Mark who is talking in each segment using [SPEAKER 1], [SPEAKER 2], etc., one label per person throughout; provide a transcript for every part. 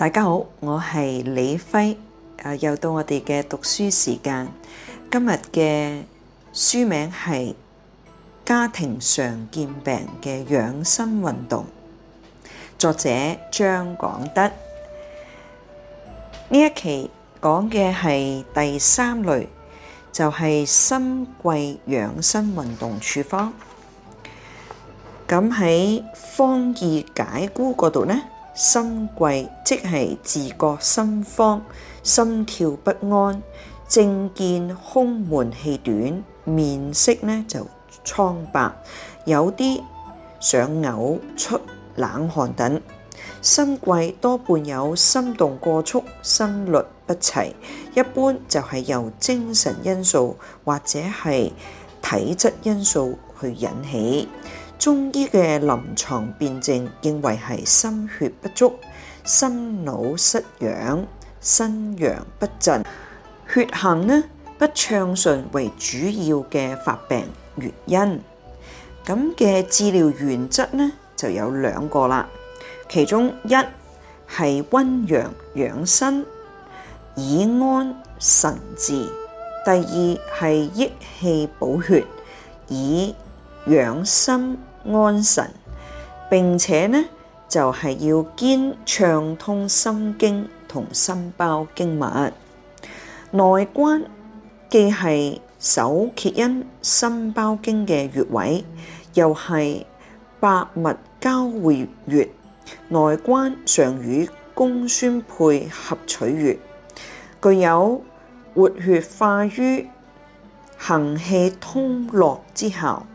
[SPEAKER 1] 大家好，我係李輝，誒，又到我哋嘅讀書時間。今日嘅書名係家庭常見病嘅養生運動，作者張廣德。呢一期講嘅係第三類，就係心悸養生運動處方。咁喺方義解估嗰度呢？心悸即係自覺心慌、心跳不安、正見胸悶、氣短、面色呢就蒼白，有啲想嘔、出冷汗等。心悸多半有心動過速、心率不齊，一般就係由精神因素或者係體質因素去引起。中醫嘅臨牀辨證認為係心血不足、心腦失養、身陽不振、血行呢不暢順為主要嘅發病原因。咁嘅治療原則呢就有兩個啦，其中一係溫陽養身，以安神志，第二係益氣補血以養心。安神，並且呢就係、是、要兼暢通心經同心包經脈。內關既係手厥陰心包經嘅穴位，又係百脈交匯穴。內關常與公孫配合取穴，具有活血化瘀、行氣通絡之效。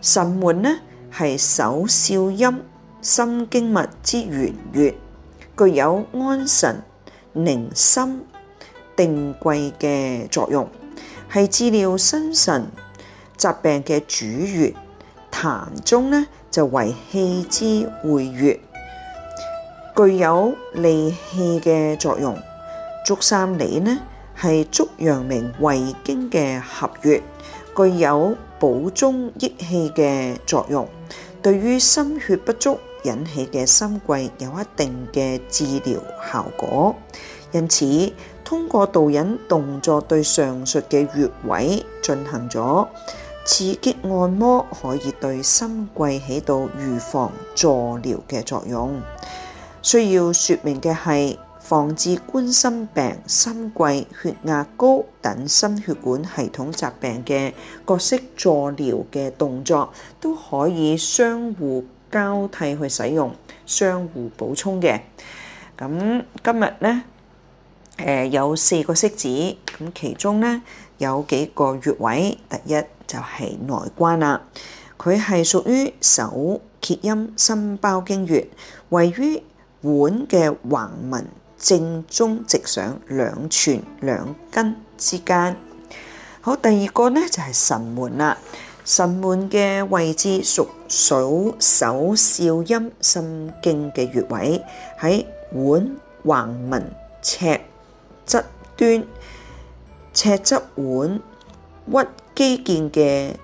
[SPEAKER 1] 神門呢，係手少陰心經脈之原穴，具有安神寧心定悸嘅作用，係治療心神疾病嘅主穴。膻中呢就為氣之會穴，具有利氣嘅作用。足三里呢係足陽明胃經嘅合穴，具有。補中益氣嘅作用，對於心血不足引起嘅心悸有一定嘅治療效果。因此，通過導引動作對上述嘅穴位進行咗刺激按摩，可以對心悸起到預防助療嘅作用。需要說明嘅係。防治冠心病、心悸、血壓高等心血管系統疾病嘅角色助療嘅動作都可以相互交替去使用，相互補充嘅。咁今日呢，誒有四個色子，咁其中呢有幾個穴位。第一就係內關啦，佢係屬於手厥陰心包經穴，位於腕嘅橫紋。正中直上兩寸兩筋之間，好。第二個咧就係神門啦。神門嘅位置屬手手少陰心經嘅穴位，喺腕橫紋尺側端，尺側腕屈肌腱嘅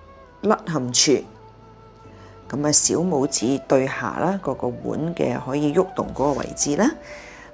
[SPEAKER 1] 凹陷處。咁啊，小拇指對下啦，嗰個腕嘅可以喐動嗰個位置啦。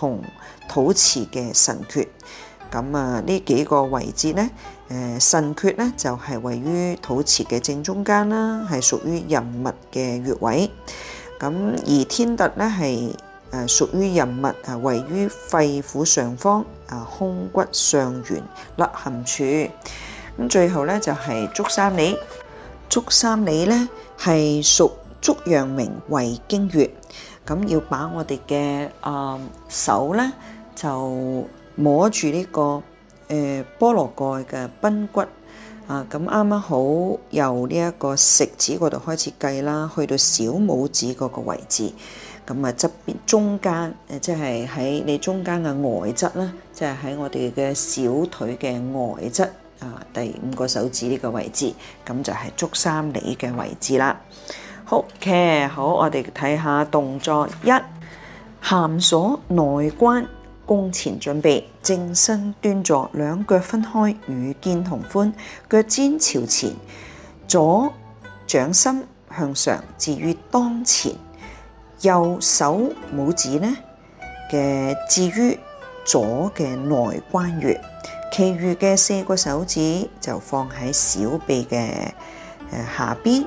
[SPEAKER 1] 同肚臍嘅神闕，咁啊呢幾個位置咧，誒神闕咧就係位於肚臍嘅正中間啦，係屬於任脈嘅穴位。咁而天突咧係誒屬於任脈，係位於肺腑上方啊，胸骨上緣凹陷處。咁最後咧就係足三里，足三里咧係屬足陽明胃經穴。咁要把我哋嘅誒手咧，就摸住呢個誒菠蘿蓋嘅髕骨啊！咁啱啱好由呢一個食指嗰度開始計啦，去到小拇指嗰個位置，咁啊側邊中間誒，即係喺你中間嘅外側啦，即係喺我哋嘅小腿嘅外側啊，第五個手指呢個位置，咁就係足三里嘅位置啦。好嘅，okay, 好，我哋睇下動作一，掐鎖內關，功前準備，正身端坐，兩腳分開與肩同寬，腳尖朝前，左掌心向上，置於當前，右手拇指呢嘅置於左嘅內關穴，其餘嘅四個手指就放喺小臂嘅、呃、下邊。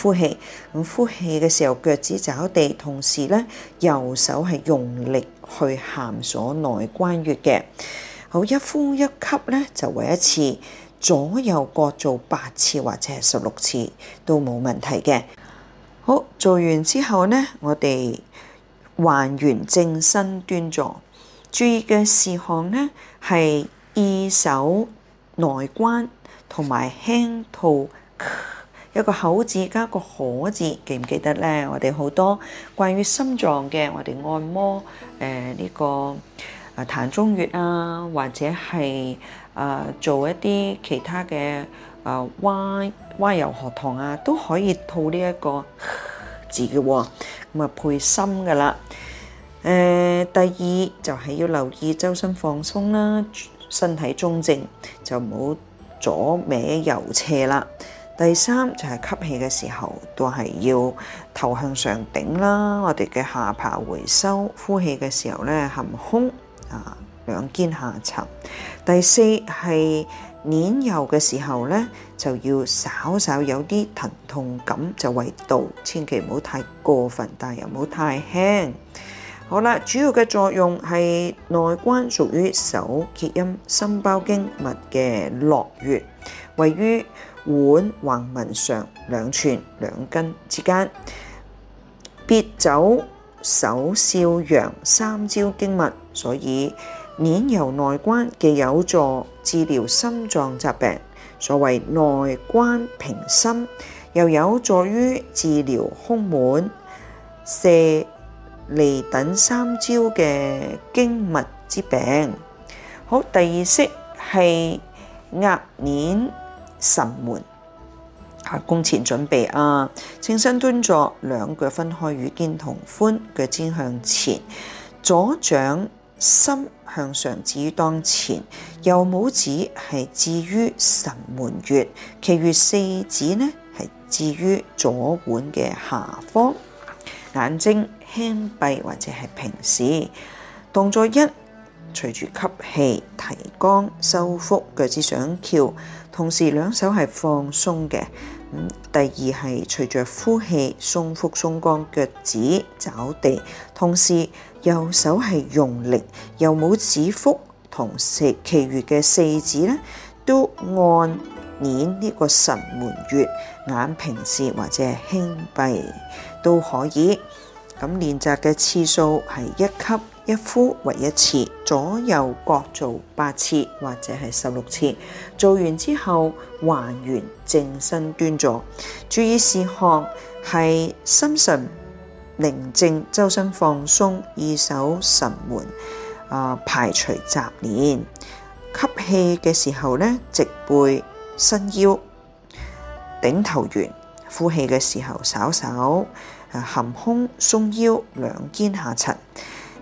[SPEAKER 1] 呼氣，咁呼氣嘅時候腳趾抓地，同時咧右手係用力去掐鎖內關穴嘅。好，一呼一吸咧就為一次，左右各做八次或者十六次都冇問題嘅。好，做完之後呢，我哋還原正身端坐，注意嘅事項呢，係二手內關同埋輕吐。一個口字加個可字，記唔記得咧？我哋好多關於心臟嘅，我哋按摩誒呢個啊，膻中穴啊，或者係啊做一啲其他嘅啊，蛙蛙游學堂啊，都可以套呢一個字嘅咁啊，配心噶啦。誒，第二就係要留意周身放鬆啦，身體中正就唔好左歪右斜啦。第三就係、是、吸氣嘅時候，都係要頭向上頂啦。我哋嘅下巴回收，呼氣嘅時候咧含胸啊，兩肩下沉。第四係捻揉嘅時候咧，就要稍稍有啲疼痛感就為度，千祈唔好太過分，但又唔好太輕。好啦，主要嘅作用係內關，屬於手厥陰心包經脈嘅絡穴，位於，腕橫紋上兩寸兩筋之間，別走手少陽三焦經脈，所以捏揉內關既有助治療心臟疾病，所謂內關平心，又有助於治療胸悶、射脅等三焦嘅經脈之病。好，第二式係壓捏。神門，啊，功前準備啊，正身端坐，兩腳分開與肩同寬，腳尖向前，左掌心向上指當前，右拇指係置於神門穴，其餘四指呢係置於左腕嘅下方，眼睛輕閉或者係平視，動作一。隨住吸氣提肛收腹腳趾上翹，同時兩手係放鬆嘅。咁第二係隨住呼氣鬆腹鬆肛腳趾找地，同時右手係用力，右拇指腹同四其餘嘅四指咧都按捏呢個神門穴，眼平視或者係輕閉都可以。咁練習嘅次數係一級。一呼為一次，左右各做八次或者係十六次。做完之後還原正身端坐，注意事項係心神寧靜，周身放鬆，二手神門。啊，排除雜念，吸氣嘅時候呢，直背伸腰頂頭圓；呼氣嘅時候，稍稍含胸鬆腰，兩肩下沉。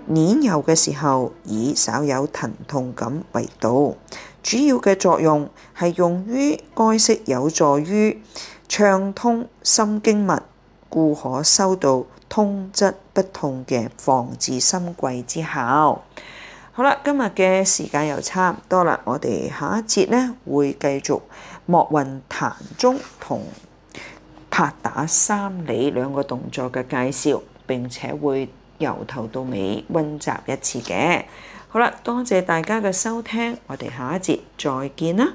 [SPEAKER 1] 年幼嘅時候，以稍有疼痛感為度。主要嘅作用係用於該式有助於暢通心經脈，故可收到通則不痛嘅防治心悸之效。好啦，今日嘅時間又差唔多啦，我哋下一節呢，會繼續莫運膻中同拍打三里兩個動作嘅介紹，並且會，由頭到尾溫習一次嘅。好啦，多謝大家嘅收聽，我哋下一節再見啦。